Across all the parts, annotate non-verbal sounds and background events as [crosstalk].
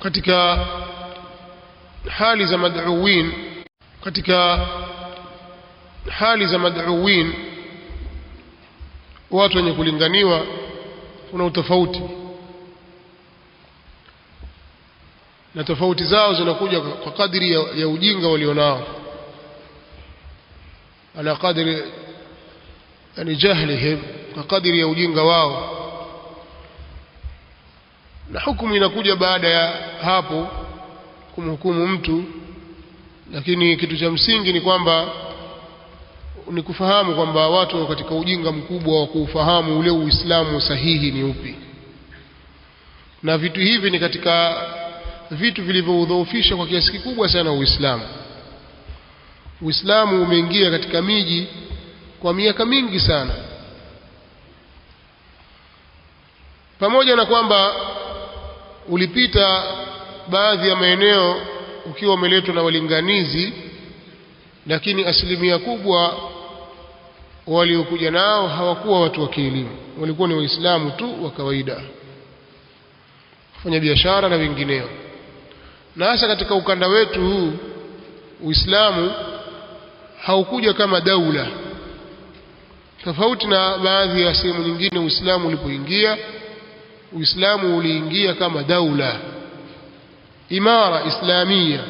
katika hali za mad'uwin katika hali za mad'uwin watu wenye kulinganiwa kuna utofauti na tofauti zao zinakuja kwa kadri ya, ya ujinga walionao ala kadri yani jahlihim kwa kadri ya ujinga wao na hukumu inakuja baada ya hapo kumhukumu mtu, lakini kitu cha msingi ni kwamba ni kufahamu kwamba watu katika ujinga mkubwa wa kuufahamu ule Uislamu sahihi ni upi, na vitu hivi ni katika vitu vilivyoudhoofisha kwa kiasi kikubwa sana Uislamu. Uislamu umeingia katika miji kwa miaka mingi sana, pamoja na kwamba ulipita baadhi ya maeneo ukiwa umeletwa na walinganizi, lakini asilimia kubwa waliokuja nao hawakuwa watu wa kielimu, walikuwa ni Waislamu tu wa kawaida, wafanya biashara na wengineo. Na hasa katika ukanda wetu huu Uislamu haukuja kama daula, tofauti na baadhi ya sehemu nyingine Uislamu ulipoingia Uislamu uliingia kama daula imara islamia,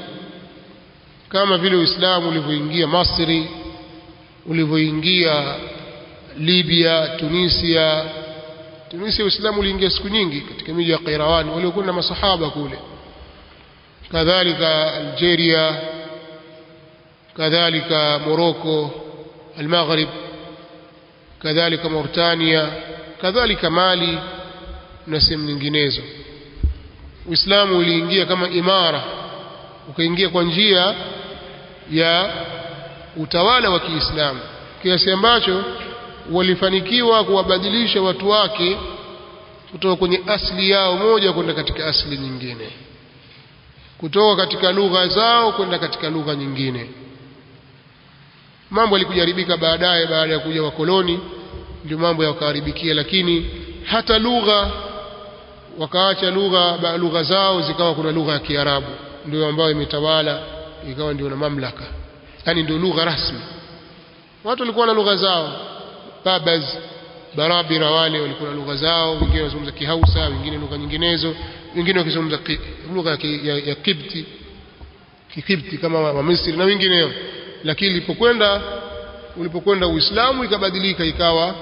kama vile Uislamu ulivyoingia Masri, ulivyoingia Libya, Tunisia. Tunisia Uislamu uliingia siku nyingi katika miji ya Qairawani, waliokuwa na masahaba kule, kadhalika Algeria, kadhalika Morocco, Almaghrib, kadhalika Mauritania, kadhalika Mali na sehemu nyinginezo. Uislamu uliingia kama imara, ukaingia kwa njia ya utawala wa Kiislamu kiasi ambacho walifanikiwa kuwabadilisha watu wake kutoka kwenye asili yao moja kwenda katika asili nyingine, kutoka katika lugha zao kwenda katika lugha nyingine. Mambo yalikujaribika baadaye, baada ya kuja wakoloni, ndio mambo yakaharibikia, lakini hata lugha wakaacha lugha lugha zao zikawa kuna lugha ya Kiarabu ndio ambayo imetawala ikawa ndio na mamlaka, yani ndio lugha rasmi. Watu walikuwa na lugha zao, babaz barabira wale walikuwa na lugha zao, wengine wanazungumza Kihausa, wengine lugha nyinginezo, wengine wakizungumza lugha ya, ya Kibti Kikibti kama Wamisri na wengineo, lakini ilipokwenda ulipokwenda Uislamu ikabadilika ikawa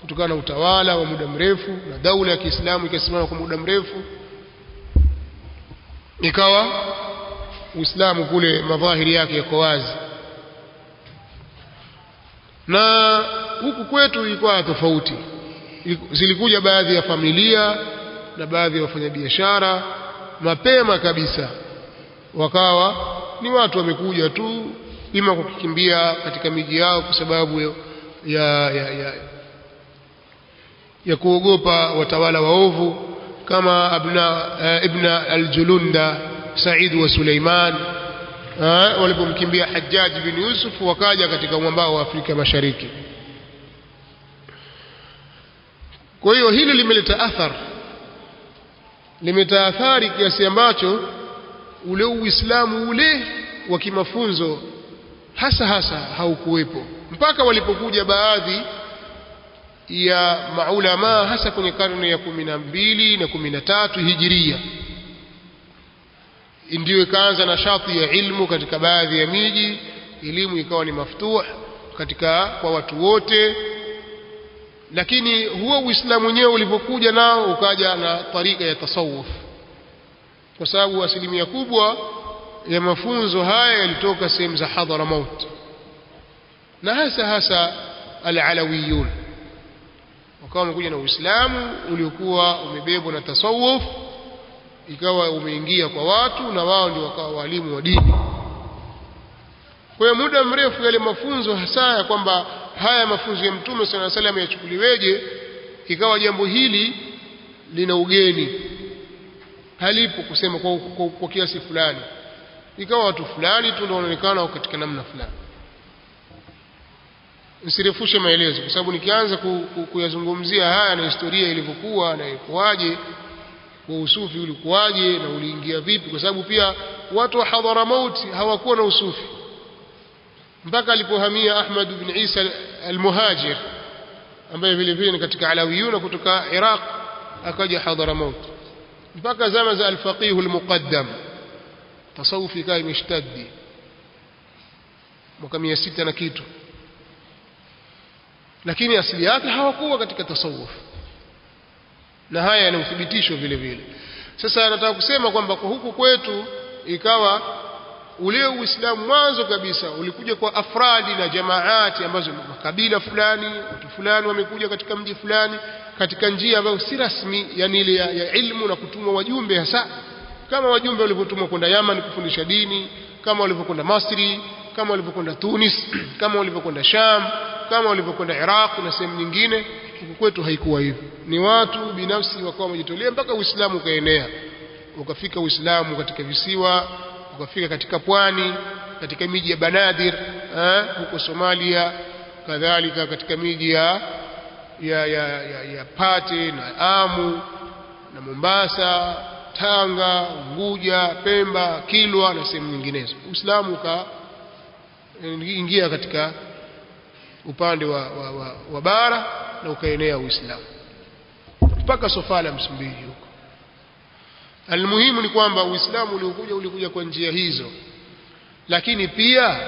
kutokana na utawala wa muda mrefu na daula ya Kiislamu ikasimama kwa muda mrefu, ikawa Uislamu kule madhahiri yake yako wazi, na huku kwetu ilikuwa tofauti. Zilikuja baadhi ya familia na baadhi ya wafanyabiashara mapema kabisa, wakawa ni watu wamekuja tu ima kukikimbia katika miji yao kwa sababu ya, ya, ya ya kuogopa watawala waovu kama abna, uh, eh, ibn al-Julunda Said wa Suleiman uh, walipomkimbia Hajjaj bin Yusuf wakaja katika mwambao wa Afrika Mashariki. Kwa hiyo hili limeleta athar limeleta athari kiasi ambacho ule Uislamu ule wa kimafunzo hasa hasa haukuwepo mpaka walipokuja baadhi ya maulamaa hasa kwenye karne ya kumi na mbili na kumi na tatu hijiria ndiyo ikaanza nashati ya ilmu katika baadhi ya miji, elimu ikawa ni maftuh katika kwa watu wote. Lakini huo Uislamu wenyewe ulivyokuja nao ukaja na tarika ya tasawuf, kwa sababu asilimia kubwa ya mafunzo haya yalitoka sehemu za hadhara mauti na hasa hasa Alalawiyun wakawa wamekuja na Uislamu uliokuwa umebebwa na tasawuf, ikawa umeingia kwa watu na wao ndio wakawa walimu wa dini. Kwa muda mrefu yale mafunzo hasa ya kwamba haya mafunzo ya Mtume sala salam yachukuliweje, ikawa jambo hili lina ugeni, halipo kusema kwa, kwa, kwa kiasi fulani, ikawa watu fulani tu ndio wanaonekana katika namna fulani nisirefushe maelezo, kwa sababu nikianza kuyazungumzia haya na historia ilivyokuwa na ilikuwaje, kwa usufi ulikuwaje na uliingia vipi, kwa sababu pia watu wa hadhara mauti hawakuwa na usufi mpaka alipohamia Ahmad ibn Isa al-Muhajir ambaye vile vile ni katika Alawiyuna kutoka Iraq, akaja hadhara mauti mpaka zama za al-Faqih al-Muqaddam, tasawufi kai imeshtadi mwaka mia sita na kitu lakini asili yake hawakuwa katika tasawuf, na haya yana uthibitisho vile vile. Sasa nataka kusema kwamba kwa huku kwetu ikawa ule Uislamu mwanzo kabisa ulikuja kwa afradi na jamaati ambazo makabila fulani, watu fulani wamekuja katika mji fulani katika njia ambayo si rasmi, yani ile ya, ya ilmu na kutumwa wajumbe, hasa kama wajumbe walivyotumwa kwenda Yaman kufundisha dini, kama walivyokwenda Masri, kama walivyokwenda Tunis, [clears throat] kama walivyokwenda Sham kama walivyokwenda Iraq na sehemu nyingine. Huku kwetu haikuwa hivyo, ni watu binafsi wakawa wamejitolea mpaka Uislamu ukaenea, ukafika Uislamu katika visiwa, ukafika katika pwani, katika miji ya Banadir huko Somalia, kadhalika katika miji ya, ya, ya, ya, ya Pate na Amu na Mombasa, Tanga, Unguja, Pemba, Kilwa na sehemu nyinginezo. Uislamu ukaingia eh, katika upande wa, wa, wa, wa bara na ukaenea Uislamu mpaka Sofala Msumbiji huko. Almuhimu ni kwamba Uislamu uliokuja ulikuja kwa njia hizo, lakini pia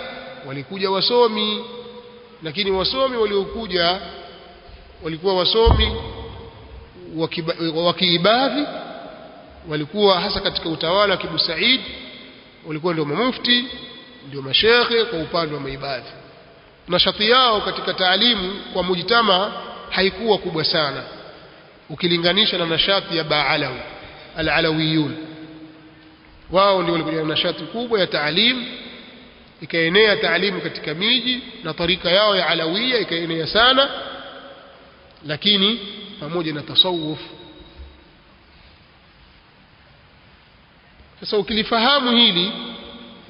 walikuja wasomi, lakini wasomi waliokuja walikuwa wasomi wa Kiibadhi, walikuwa hasa katika utawala wa Kibu Said, walikuwa ndio mamufti ndio mashekhe kwa upande wa maibadhi nashati yao katika taalimu kwa mujtama haikuwa kubwa sana ukilinganisha na nashati ya Baalawi Alalawiyun. Wao ndio walikuja na nashati kubwa ya taalimu, ikaenea taalimu katika miji, na tarika yao ya Alawia ikaenea sana, lakini pamoja na tasawuf. Sasa ukilifahamu hili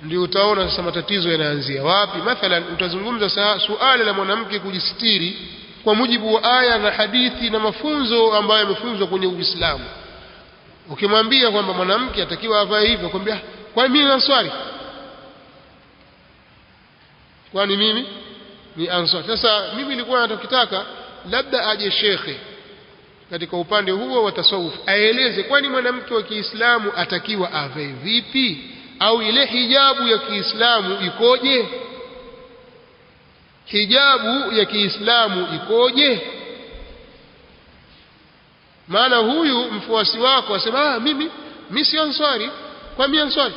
ndio utaona sasa matatizo yanaanzia wapi. Mathalan, utazungumza sasa suala la mwanamke kujisitiri kwa mujibu wa aya na hadithi na mafunzo ambayo yamefunzwa kwenye Uislamu. Ukimwambia kwamba mwanamke atakiwa avae hivyo, kwambia kwa mimi ni answari, kwani mimi ni answari. Sasa mimi nilikuwa natakitaka labda aje shekhe katika upande huo wa tasawuf aeleze, kwani mwanamke wa Kiislamu atakiwa avae vipi? au ile hijabu ya Kiislamu ikoje? Hijabu ya Kiislamu ikoje? Maana huyu mfuasi wako asema, ah, mimi mimi si answari, kwa mimi answari.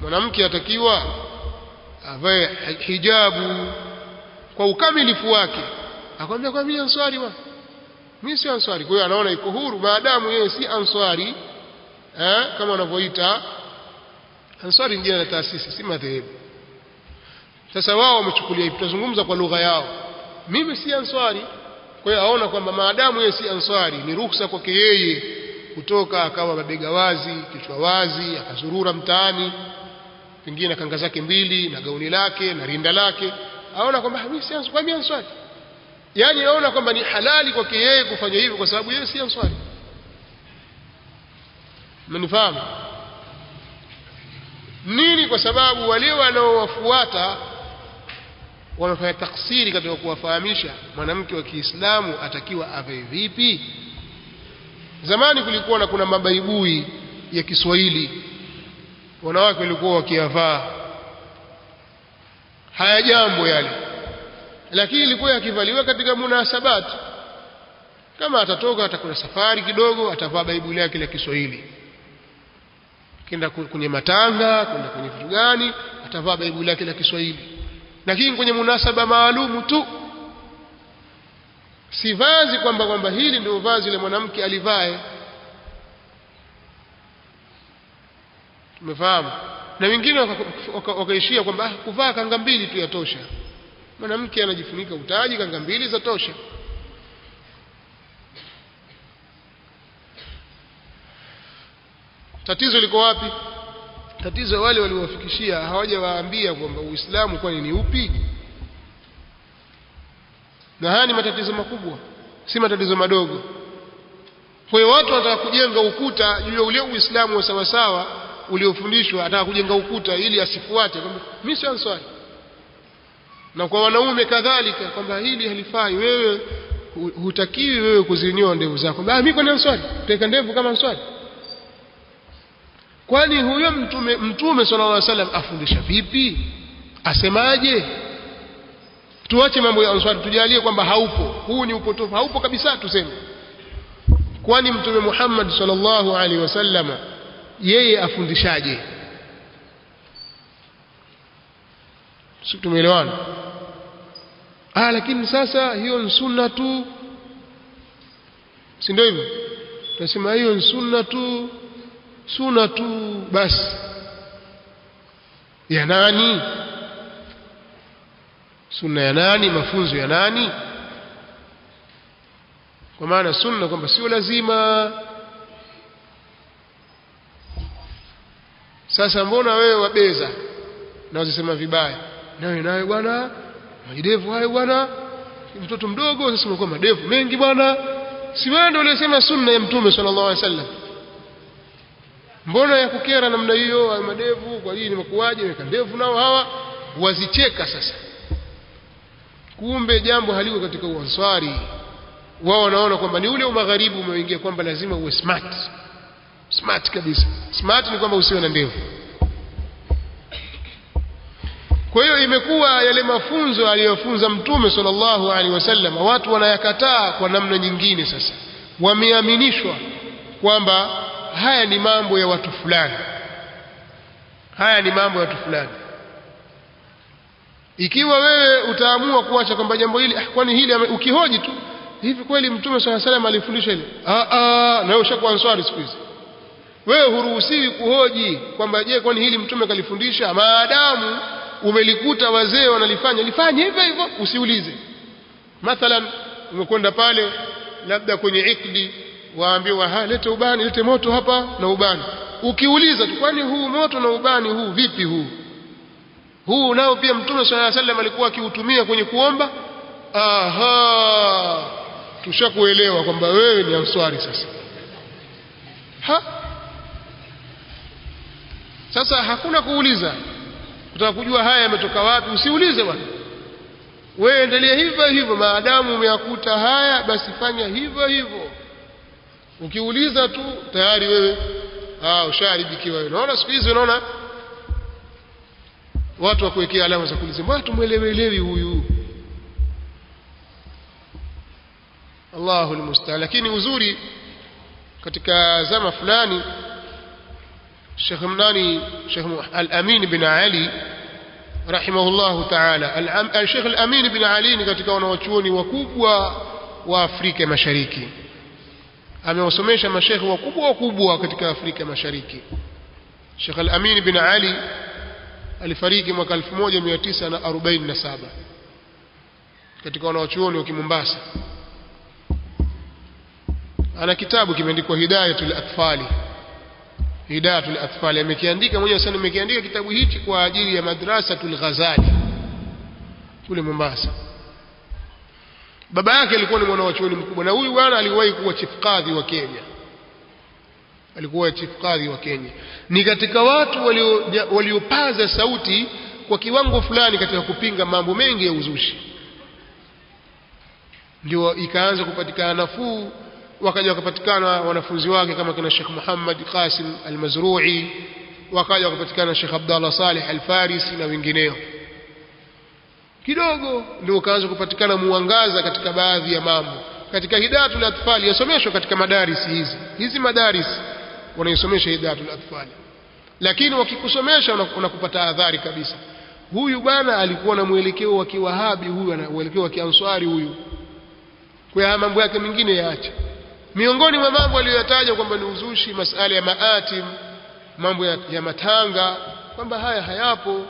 Mwanamke atakiwa avae hijabu kwa ukamilifu wake, akwambia kwa mimi answari, mimi si answari. Kwa hiyo anaona iko huru maadamu yeye si answari eh, kama wanavyoita Ansari ni jina la taasisi, si madhehebu. Sasa wao wamechukulia hivi, tunazungumza kwa lugha yao. Mimi si Ansari, kwa hiyo aona kwamba maadamu yeye si Ansari, ni ruhusa kwake yeye kutoka akawa mabega wazi, kichwa wazi, akazurura mtaani, pengine na kanga zake mbili na gauni lake na rinda lake, aona kwamba ah, mimi si Ansari, yaani aona kwamba ni halali kwake yeye kufanya hivyo kwa sababu yeye si Ansari mnifahamu nini kwa sababu wale wanaowafuata wamefanya taksiri katika kuwafahamisha mwanamke wa Kiislamu atakiwa ave vipi zamani kulikuwa na kuna mabaibui ya Kiswahili wanawake walikuwa wakiyavaa haya jambo yale lakini ilikuwa yakivaliwa katika munasabati kama atatoka atakuna safari kidogo atavaa baibuli yake la Kiswahili kenda kwenye matanga kwenda kwenye vitu gani atavaa baibu lake la Kiswahili lakini kwenye munasaba maalumu tu si vazi kwamba kwamba hili ndio vazi la mwanamke alivae tumefahamu na wengine wakaishia kwamba ah, kuvaa kanga mbili tu yatosha mwanamke anajifunika utaji kanga mbili zatosha tatizo liko wapi tatizo wale waliowafikishia hawajawaambia kwamba uislamu kwani ni upi na haya ni matatizo makubwa si matatizo madogo kwa hiyo watu wanataka kujenga ukuta juu ya ule uislamu wa sawasawa uliofundishwa ataka kujenga ukuta ili asifuate kwamba mimi si answari na kwa wanaume kadhalika kwamba hili halifai wewe hutakiwi wewe kuzinyoa ndevu zako mimi kwani answari utaweka ndevu kama answari kwani huyo mtume mtume sallallahu alaihi wasallam afundisha vipi asemaje tuache mambo ya answari tujalie kwamba haupo huu ni upotofu haupo kabisa tuseme kwani mtume Muhammad sallallahu alaihi wasallam yeye afundishaje sisi tumeelewana ah lakini sasa hiyo ni sunna tu si ndio hivyo tunasema hiyo ni sunna tu suna tu basi ya nani sunna ya nani mafunzo ya nani kwa maana sunna kwamba sio lazima sasa mbona wewe wabeza na wazisema vibaya nawe nawe bwana majidevu hayo bwana mtoto mdogo sasa unakuwa madevu mengi bwana si wewe ndio sunna ya mtume sallallahu alaihi wasallam mbona ya kukera namna hiyo madevu kwa nini nimekuaje nimeka ndevu nao hawa wazicheka sasa kumbe jambo haliko katika uanswari wao wanaona kwamba ni ule umagharibi umeingia kwamba lazima uwe smart smart kabisa smart ni kwamba usiwe na ndevu kwa hiyo imekuwa yale mafunzo aliyofunza mtume sallallahu alaihi wasallam watu wanayakataa kwa namna nyingine sasa wameaminishwa kwamba haya ni mambo ya watu fulani, haya ni mambo ya watu fulani. Ikiwa wewe utaamua kuacha kwamba jambo hili ah, kwani hili ukihoji tu hivi, kweli Mtume swalla salam alifundisha hili? Ah, ah, wewe ushakuwa answari siku hizi wewe huruhusiwi kuhoji kwamba je, kwani hili mtume kalifundisha? Maadamu umelikuta wazee wanalifanya, lifanye hivyo hivyo, usiulize. Mathalan, umekwenda pale labda kwenye ikdi waambiwa ha lete ubani lete moto hapa na ubani ukiuliza tu kwani huu moto na ubani huu vipi huu huu nao pia mtume sallallahu alaihi wasallam alikuwa akiutumia kwenye kuomba aha tushakuelewa kwamba wewe ni answari sasa ha sasa hakuna kuuliza kutaka kujua haya yametoka wapi usiulize bwana wewe endelea hivyo hivyo maadamu umeyakuta haya basi fanya hivyo hivyo ukiuliza tu tayari wewe ah ushaharibikiwa wewe unaona siku hizi unaona watu wakuwekea alama za kuuliza mbona tumuelewelewi huyu Allahu almustaan lakini uzuri katika zama fulani Sheikh Mnani Sheikh Al-Amin bin Ali رحمه الله تعالى الشيخ الأمين بن علي Ali ni katika wanawachuoni wakubwa wa amewasomesha mashekhe wakubwa wakubwa katika Afrika Mashariki. Sheikh Al-Amin bin Ali alifariki mwaka 1947 katika wanawachuoni wa Kimombasa. Ana kitabu kimeandikwa Hidayatul Atfali, Hidayatul Atfali amekiandika mwenyewe sana. Amekiandika kitabu hichi kwa ajili ya Madrasatul Ghazali kule Mombasa. Baba yake alikuwa ni mwanachuoni mkubwa, na huyu bwana aliwahi kuwa chief kadhi wa Kenya, alikuwa chief kadhi wa Kenya. Ni katika watu waliopaza walio sauti kwa kiwango fulani katika kupinga mambo mengi ya uzushi, ndio ikaanza kupatikana nafuu. Wakaja wakapatikana wanafunzi wake kama kina Sheikh Muhammad Qasim Al-Mazrui, wakaja wakapatikana Sheikh Abdallah Saleh Al-Farisi na wengineo kidogo ndio ukaweza kupatikana muangaza katika baadhi ya mambo. Katika hidayatul atfali yasomeshwa katika madarisi hizi hizi, madarisi wanaisomesha hidayatul atfali, lakini wakikusomesha unakupata adhari kabisa. Huyu bwana alikuwa na mwelekeo wa kiwahabi, huyu ana mwelekeo wa kianswari, huyu kwa mambo yake mengine yaacha Miongoni mwa mambo aliyoyataja kwamba ni uzushi, masala ya maatim, mambo ya, ya matanga, kwamba haya hayapo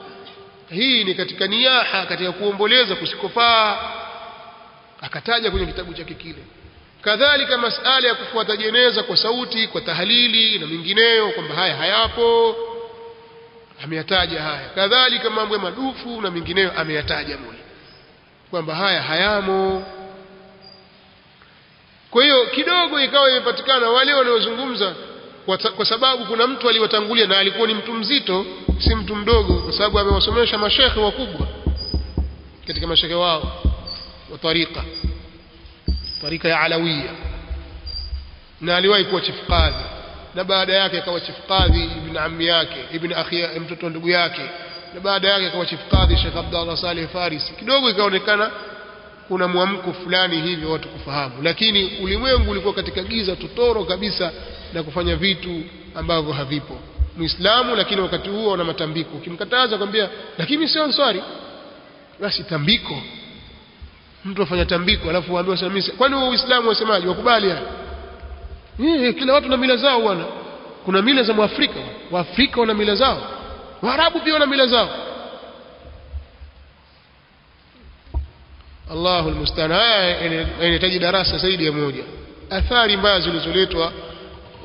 hii ni katika niaha katika kuomboleza kusikofaa akataja kwenye kitabu chake kile kadhalika masala ya kufuata jeneza kwa sauti kwa tahalili na mingineyo kwamba haya hayapo ameyataja haya kadhalika mambo ya madufu na mingineyo ameyataja mule kwamba haya hayamo kwa hiyo kidogo ikawa imepatikana wale wanaozungumza kwa, kwa sababu kuna mtu aliwatangulia na alikuwa ni mtu mzito, si mtu mdogo, kwa sababu amewasomesha mashekhe wakubwa katika mashekhe wao wa tarika tarika ya Alawiya, na aliwahi kuwa chifu kadhi, na baada yake akawa chifu kadhi ibn ammi yake ibn akhi, mtoto ndugu yake, na baada yake akawa chifu kadhi Sheikh Abdallah Saleh Farisi. Kidogo ikaonekana kuna mwamko fulani hivyo watu kufahamu, lakini ulimwengu ulikuwa katika giza totoro kabisa na kufanya vitu ambavyo havipo. Muislamu lakini wakati huo ana matambiko, ukimkataza kwambia, lakini sio answari, basi tambiko. Mtu afanya tambiko, alafu waambiwa sasa, mimi kwani wewe Uislamu wasemaje? Wakubali haya? Yeye eh, kila watu na mila zao, wana kuna mila za Mwafrika, Waafrika wana mila zao, Waarabu pia wana mila zao Allahu almustaan. Haya yanahitaji darasa zaidi ya moja. Athari mbaya zilizoletwa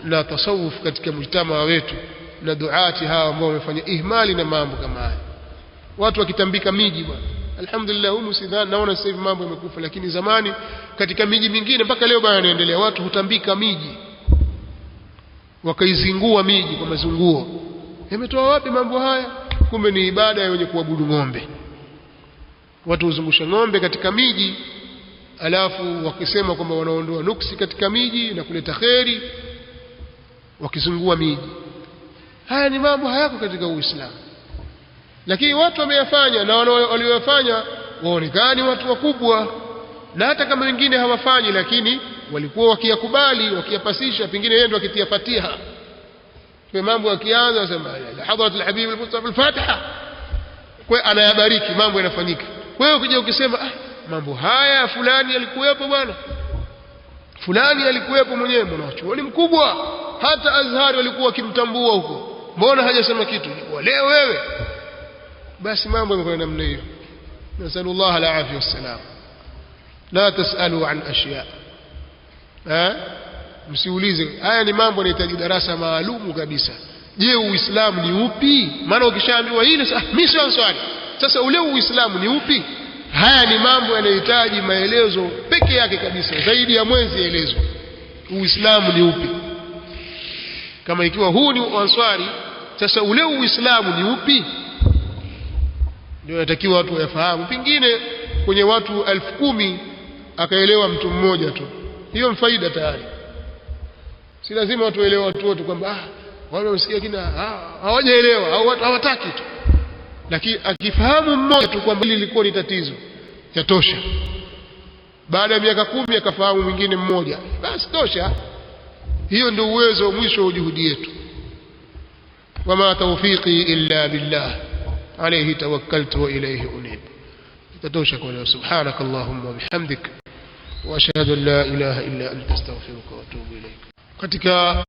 na tasawuf katika mujtamaa wetu na duati hawa ambao wamefanya ihmali na mambo kama haya, watu wakitambika miji bwana. Alhamdulillah, humu sidhani, naona sasa hivi mambo yamekufa, lakini zamani katika miji mingine mpaka leo bado yanaendelea. Watu hutambika miji, wakaizingua miji kwa mazunguo. Yametoa wapi mambo haya? Kumbe ni ibada ya wenye kuabudu ng'ombe watu huzungusha ng'ombe katika miji alafu wakisema kwamba wanaondoa nuksi katika miji na kuleta kheri wakizungua miji haya ni mambo hayako katika uislamu lakini watu wameyafanya na walioyafanya waonekani watu wakubwa na hata kama wengine hawafanyi lakini walikuwa wakiyakubali wakiyapasisha pengine yeye ndo akitia fatiha kwa mambo akianza sema hadhrat alhabib almustafa alfatiha kwa anayabariki mambo yanafanyika wewe ukija ukisema ah, mambo haya fulani yalikuwepo bwana, fulani alikuwepo mwenyewe, mwanachuoni mkubwa, hata Azhari walikuwa wakimtambua huko, mbona hajasema kitu? Leo wewe basi, mambo yamekuwa namna hiyo. nasalullah llah alafia wassalam. La tasalu an ashya, msiulize haya. Ni mambo yanahitaji darasa maalumu kabisa. Je, Uislamu ni upi? Maana ukishaambiwa hili, ah, mimi sio swali sasa ule Uislamu ni upi? Haya ni mambo yanayohitaji maelezo peke yake kabisa, zaidi ya mwenzi elezo. Uislamu ni upi? Kama ikiwa huu ni Answari, sasa ule Uislamu ni upi? Ndio inatakiwa watu wayafahamu. Pengine kwenye watu elfu kumi akaelewa mtu mmoja tu, hiyo mfaida tayari. Si lazima watu waelewe watu wote, kwamba ah, wale wasikia kina ah, hawajaelewa au hawataki tu lakini akifahamu mmoja tu kwamba hili lilikuwa ni tatizo yatosha baada ya miaka kumi akafahamu mwingine mmoja basi tosha hiyo ndio uwezo wa mwisho wa juhudi yetu wama tawfiqi illa billah alayhi tawakkaltu wa ilayhi unib tatosha kwa leo subhanak allahumma bihamdik wa ashhadu an la ilaha illa anta astaghfiruka wa atubu ilayk katika